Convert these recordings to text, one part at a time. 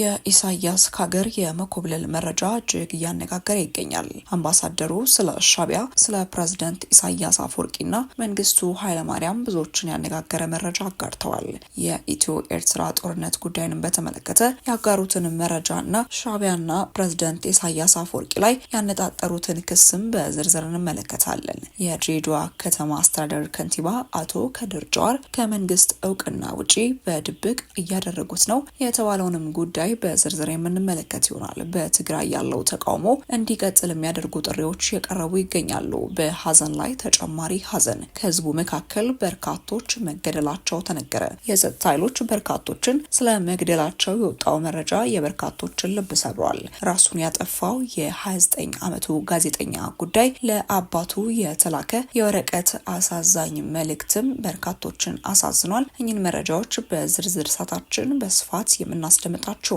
የኢሳያስ ከሀገር የመኮብለል መረጃ እጅግ እያነጋገረ ይገኛል። አምባሳደሩ ስለ ሻቢያ ስለ ፕሬዝደንት ኢሳያስ አፈወርቂና መንግስቱ ኃይለማርያም ብዙዎችን ያነጋገረ መረጃ አጋርተዋል። የኢትዮ ኤርትራ ጦርነት ጉዳይንም በተመለከተ ያጋሩትን መረጃና ሻቢያና ፕሬዝደንት ኢሳያስ አፈወርቂ ላይ ያነጣጠሩትን ክስም በዝርዝር እንመለከታለን። የድሬዳዋ ከተማ አስተዳደር ከንቲባ አቶ ከድር ጀዋር ከመንግስት እውቅና ውጪ በድብቅ እያደረጉት ነው የተባለውንም ጉዳይ ጉዳይ በዝርዝር የምንመለከት ይሆናል። በትግራይ ያለው ተቃውሞ እንዲቀጥል የሚያደርጉ ጥሪዎች የቀረቡ ይገኛሉ። በሀዘን ላይ ተጨማሪ ሀዘን፣ ከህዝቡ መካከል በርካቶች መገደላቸው ተነገረ። የጸጥታ ኃይሎች በርካቶችን ስለ መግደላቸው የወጣው መረጃ የበርካቶችን ልብ ሰብሯል። ራሱን ያጠፋው የ29 ዓመቱ ጋዜጠኛ ጉዳይ ለአባቱ የተላከ የወረቀት አሳዛኝ መልእክትም በርካቶችን አሳዝኗል። እኚህን መረጃዎች በዝርዝር ሳታችን በስፋት የምናስደምጣቸው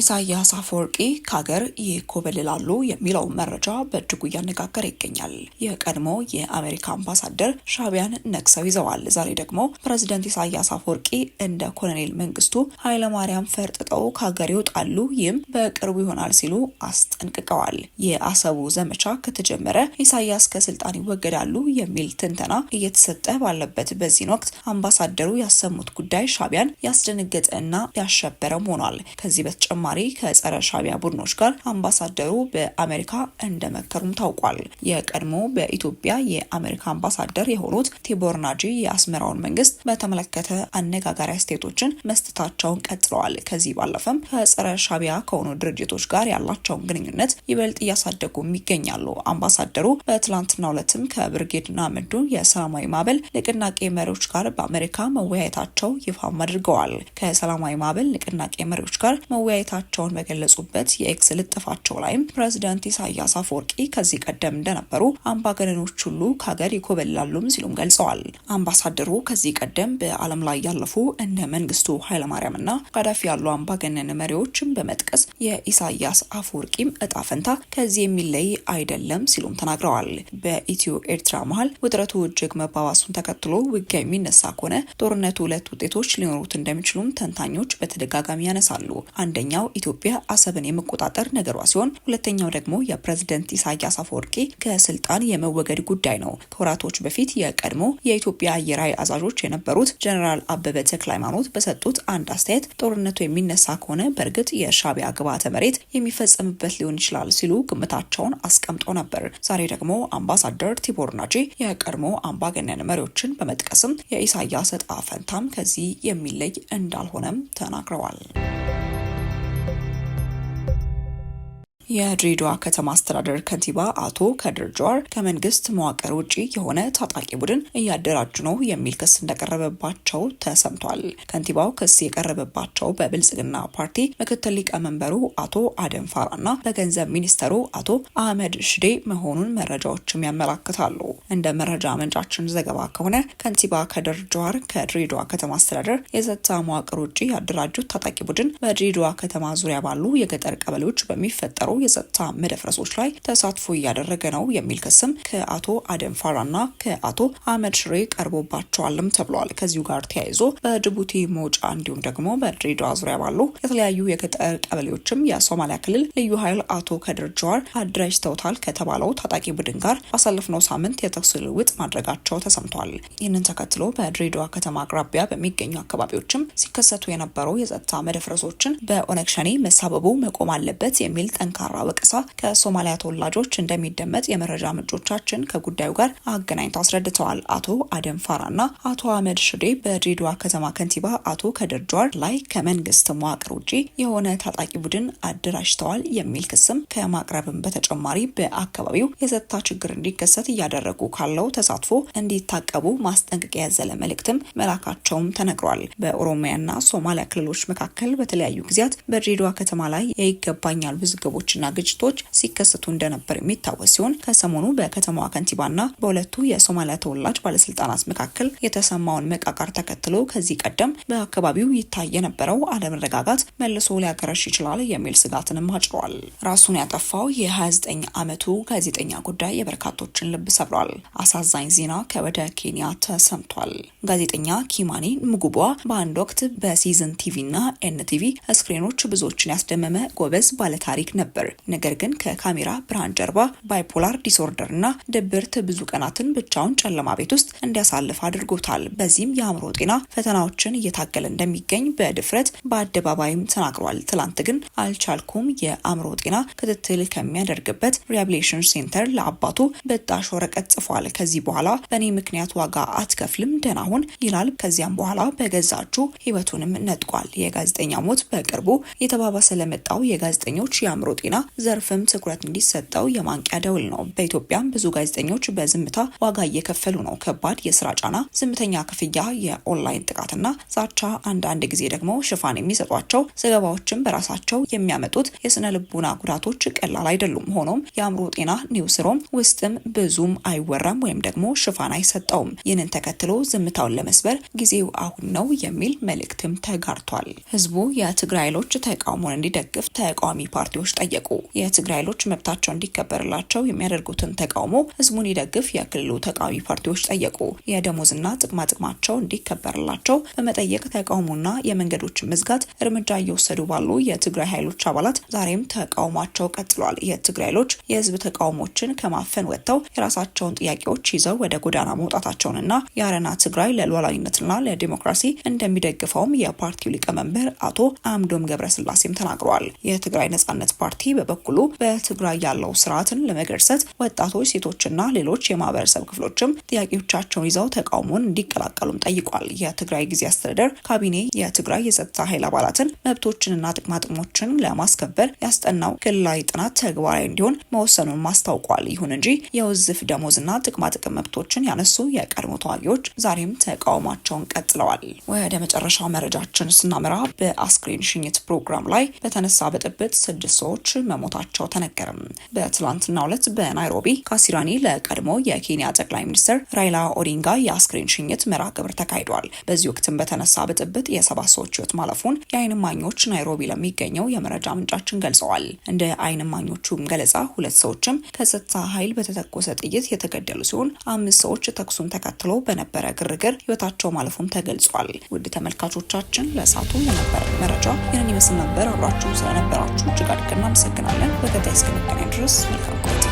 ኢሳያስ አፈወርቂ ከሀገር ይኮበልላሉ የሚለው መረጃ በእጅጉ እያነጋገረ ይገኛል። የቀድሞ የአሜሪካ አምባሳደር ሻቢያን ነቅሰው ይዘዋል። ዛሬ ደግሞ ፕሬዚደንት ኢሳያስ አፈወርቂ እንደ ኮሎኔል መንግስቱ ኃይለማርያም ፈርጥጠው ከሀገር ይወጣሉ፣ ይህም በቅርቡ ይሆናል ሲሉ አስጠንቅቀዋል። የአሰቡ ዘመቻ ከተጀመረ ኢሳያስ ከስልጣን ይወገዳሉ የሚል ትንተና እየተሰጠ ባለበት በዚህን ወቅት አምባሳደሩ ያሰሙት ጉዳይ ሻቢያን ያስደነገጠ እና ያሸበረም ሆኗል። ከዚህ በተጨማ በተጨማሪ ከጸረ ሻቢያ ቡድኖች ጋር አምባሳደሩ በአሜሪካ እንደመከሩም ታውቋል። የቀድሞ በኢትዮጵያ የአሜሪካ አምባሳደር የሆኑት ቲቦር ናጂ የአስመራውን መንግስት በተመለከተ አነጋጋሪ አስተያየቶችን መስጠታቸውን ቀጥለዋል። ከዚህ ባለፈም ከጸረ ሻቢያ ከሆኑ ድርጅቶች ጋር ያላቸውን ግንኙነት ይበልጥ እያሳደጉም ይገኛሉ። አምባሳደሩ በትላንትናው ዕለትም ከብርጌድ ንሓመዱ የሰላማዊ ማዕበል ንቅናቄ መሪዎች ጋር በአሜሪካ መወያየታቸው ይፋም አድርገዋል። ከሰላማዊ ማዕበል ንቅናቄ መሪዎች ጋር መወያየት መልእክታቸውን በገለጹበት የኤክስ ልጥፋቸው ላይም ፕሬዚዳንት ኢሳያስ አፈወርቂ ከዚህ ቀደም እንደነበሩ አምባገነኖች ሁሉ ከሀገር ይኮበላሉም ሲሉም ገልጸዋል። አምባሳደሩ ከዚህ ቀደም በዓለም ላይ ያለፉ እንደ መንግስቱ እና ጋዳፊ ያሉ አምባገነን መሪዎችን በመጥቀስ የኢሳያስ አፈወርቂም እጣ ፈንታ ከዚህ የሚለይ አይደለም ሲሉም ተናግረዋል። በኢትዮ ኤርትራ መሀል ውጥረቱ እጅግ መባባሱን ተከትሎ ውጊያ የሚነሳ ከሆነ ጦርነቱ ሁለት ውጤቶች ሊኖሩት እንደሚችሉም ተንታኞች በተደጋጋሚ ያነሳሉ። አንደኛው አንደኛው ኢትዮጵያ አሰብን የመቆጣጠር ነገሯ ሲሆን ሁለተኛው ደግሞ የፕሬዝደንት ኢሳያስ አፈወርቂ ከስልጣን የመወገድ ጉዳይ ነው። ከወራቶች በፊት የቀድሞ የኢትዮጵያ አየር ኃይል አዛዦች የነበሩት ጀኔራል አበበ ተክለ ሃይማኖት በሰጡት አንድ አስተያየት ጦርነቱ የሚነሳ ከሆነ በእርግጥ የሻቢያ ግብዓተ መሬት የሚፈጸምበት ሊሆን ይችላል ሲሉ ግምታቸውን አስቀምጦ ነበር። ዛሬ ደግሞ አምባሳደር ቲቦር ናጂ የቀድሞ አምባገነን መሪዎችን በመጥቀስም የኢሳያስ እጣ ፈንታም ከዚህ የሚለይ እንዳልሆነም ተናግረዋል። የድሬዳዋ ከተማ አስተዳደር ከንቲባ አቶ ከድር ጀዋር ከመንግስት መዋቅር ውጪ የሆነ ታጣቂ ቡድን እያደራጁ ነው የሚል ክስ እንደቀረበባቸው ተሰምቷል። ከንቲባው ክስ የቀረበባቸው በብልጽግና ፓርቲ ምክትል ሊቀመንበሩ አቶ አደም እና በገንዘብ ሚኒስተሩ አቶ አህመድ ሽዴ መሆኑን መረጃዎችም ያመላክታሉ። እንደ መረጃ ምንጫችን ዘገባ ከሆነ ከንቲባ ከድር ጀዋር ከድሬዳዋ ከተማ አስተዳደር የጸጥታ መዋቅር ውጭ ያደራጁት ታጣቂ ቡድን በድሬዳዋ ከተማ ዙሪያ ባሉ የገጠር ቀበሌዎች በሚፈጠሩ የጸጥታ መደፍረሶች ላይ ተሳትፎ እያደረገ ነው የሚል ክስም ከአቶ አደም ፋራና ከአቶ አህመድ ሽሬ ቀርቦባቸዋልም ተብሏል። ከዚሁ ጋር ተያይዞ በጅቡቲ መውጫ እንዲሁም ደግሞ በድሬዳዋ ዙሪያ ባሉ የተለያዩ የገጠር ቀበሌዎችም የሶማሊያ ክልል ልዩ ኃይል አቶ ከድር ጀዋር አድራጅተውታል ከተባለው ታጣቂ ቡድን ጋር ባሳለፍነው ሳምንት የተ የተኩስ ልውውጥ ማድረጋቸው ተሰምቷል። ይህንን ተከትሎ በድሬዳዋ ከተማ አቅራቢያ በሚገኙ አካባቢዎችም ሲከሰቱ የነበረው የጸጥታ መደፍረሶችን በኦነግ ሸኔ መሳበቡ መቆም አለበት የሚል ጠንካራ ወቀሳ ከሶማሊያ ተወላጆች እንደሚደመጥ የመረጃ ምንጮቻችን ከጉዳዩ ጋር አገናኝተው አስረድተዋል። አቶ አደም ፋራና አቶ አህመድ ሽዴ በድሬዳዋ ከተማ ከንቲባ አቶ ከድር ጁሃር ላይ ከመንግስት መዋቅር ውጪ የሆነ ታጣቂ ቡድን አደራጅተዋል የሚል ክስም ከማቅረብም በተጨማሪ በአካባቢው የጸጥታ ችግር እንዲከሰት እያደረጉ ካለው ተሳትፎ እንዲታቀቡ ማስጠንቀቂያ ያዘለ መልእክትም መላካቸውም ተነግሯል። በኦሮሚያና ሶማሊያ ክልሎች መካከል በተለያዩ ጊዜያት በድሬዳዋ ከተማ ላይ የይገባኛል ውዝግቦችና ግጭቶች ሲከሰቱ እንደነበር የሚታወስ ሲሆን ከሰሞኑ በከተማዋ ከንቲባና በሁለቱ የሶማሊያ ተወላጅ ባለስልጣናት መካከል የተሰማውን መቃቃር ተከትሎ ከዚህ ቀደም በአካባቢው ይታይ የነበረው አለመረጋጋት መልሶ ሊያገረሽ ይችላል የሚል ስጋትንም አጭሯል። ራሱን ያጠፋው የ29 ዓመቱ ጋዜጠኛ ጉዳይ የበርካቶችን ልብ ሰብሯል። አሳዛኝ ዜና ከወደ ኬንያ ተሰምቷል። ጋዜጠኛ ኪማኒ ምጉቧ በአንድ ወቅት በሲዝን ቲቪ እና ኤንቲቪ ስክሪኖች ብዙዎችን ያስደመመ ጎበዝ ባለታሪክ ነበር። ነገር ግን ከካሜራ ብርሃን ጀርባ ባይፖላር ዲስኦርደር እና ድብርት ብዙ ቀናትን ብቻውን ጨለማ ቤት ውስጥ እንዲያሳልፍ አድርጎታል። በዚህም የአእምሮ ጤና ፈተናዎችን እየታገለ እንደሚገኝ በድፍረት በአደባባይም ተናግሯል። ትላንት ግን አልቻልኩም የአእምሮ ጤና ክትትል ከሚያደርግበት ሪሃብሊቴሽን ሴንተር ለአባቱ በጣሽ ወረቀት ጽፏል። አልፏል። ከዚህ በኋላ በእኔ ምክንያት ዋጋ አትከፍልም፣ ደህና ሁን ይላል። ከዚያም በኋላ በገዛችሁ ህይወቱንም ነጥቋል። የጋዜጠኛ ሞት በቅርቡ የተባባሰ ለመጣው የጋዜጠኞች የአእምሮ ጤና ዘርፍም ትኩረት እንዲሰጠው የማንቂያ ደውል ነው። በኢትዮጵያም ብዙ ጋዜጠኞች በዝምታ ዋጋ እየከፈሉ ነው። ከባድ የስራ ጫና፣ ዝምተኛ ክፍያ፣ የኦንላይን ጥቃትና ዛቻ፣ አንዳንድ ጊዜ ደግሞ ሽፋን የሚሰጧቸው ዘገባዎችን በራሳቸው የሚያመጡት የስነ ልቡና ጉዳቶች ቀላል አይደሉም። ሆኖም የአእምሮ ጤና ኒውስሮም ውስጥም ብዙም አይወ አላበራም ወይም ደግሞ ሽፋን አይሰጠውም። ይህንን ተከትሎ ዝምታውን ለመስበር ጊዜው አሁን ነው የሚል መልእክትም ተጋርቷል። ህዝቡ የትግራይ ኃይሎች ተቃውሞን እንዲደግፍ ተቃዋሚ ፓርቲዎች ጠየቁ። የትግራይ ኃይሎች መብታቸው እንዲከበርላቸው የሚያደርጉትን ተቃውሞ ህዝቡ እንዲደግፍ የክልሉ ተቃዋሚ ፓርቲዎች ጠየቁ። የደሞዝና ጥቅማ ጥቅማቸው እንዲከበርላቸው በመጠየቅ ተቃውሞና የመንገዶች መዝጋት እርምጃ እየወሰዱ ባሉ የትግራይ ኃይሎች አባላት ዛሬም ተቃውሟቸው ቀጥሏል። የትግራይ ኃይሎች የህዝብ ተቃውሞችን ከማፈን ወጥተው የራሳቸውን ጥያቄዎች ይዘው ወደ ጎዳና መውጣታቸውንና የአረና ትግራይ ለሉዓላዊነትና ለዲሞክራሲ እንደሚደግፈውም የፓርቲው ሊቀመንበር አቶ አምዶም ገብረስላሴም ተናግረዋል። የትግራይ ነጻነት ፓርቲ በበኩሉ በትግራይ ያለው ስርዓትን ለመገርሰት ወጣቶች፣ ሴቶችና ሌሎች የማህበረሰብ ክፍሎችም ጥያቄዎቻቸውን ይዘው ተቃውሞን እንዲቀላቀሉም ጠይቋል። የትግራይ ጊዜ አስተዳደር ካቢኔ የትግራይ የጸጥታ ኃይል አባላትን መብቶችንና ጥቅማጥቅሞችን ለማስከበር ያስጠናው ክልላዊ ጥናት ተግባራዊ እንዲሆን መወሰኑን ማስታውቋል። ይሁን እንጂ የውዝፍ ደሞዝና መብቶችና ጥቅማጥቅም መብቶችን ያነሱ የቀድሞ ተዋጊዎች ዛሬም ተቃውሟቸውን ቀጥለዋል። ወደ መጨረሻ መረጃችን ስናመራ በአስክሬን ሽኝት ፕሮግራም ላይ በተነሳ ብጥብጥ ስድስት ሰዎች መሞታቸው ተነገረም። በትላንትናው ሁለት በናይሮቢ ካሲራኒ ለቀድሞ የኬንያ ጠቅላይ ሚኒስትር ራይላ ኦዲንጋ የአስክሬን ሽኝት መርሃ ግብር ተካሂዷል። በዚህ ወቅትም በተነሳ ብጥብጥ የሰባት ሰዎች ህይወት ማለፉን የአይን እማኞች ናይሮቢ ለሚገኘው የመረጃ ምንጫችን ገልጸዋል። እንደ አይን እማኞቹም ገለጻ ሁለት ሰዎችም ከጸጥታ ኃይል በተተኮሰ ጥይት የተገ የተገደሉ ሲሆን አምስት ሰዎች ተኩሱን ተከትሎ በነበረ ግርግር ህይወታቸው ማለፉም ተገልጿል። ውድ ተመልካቾቻችን ለእሳቱ የነበረ መረጃ ይህንን ይመስል ነበር። አብሯችሁ ስለነበራችሁ እጅግ አድርገን እናመሰግናለን። በቀጣይ እስክንገናኝ ድረስ መልካም ቆይታ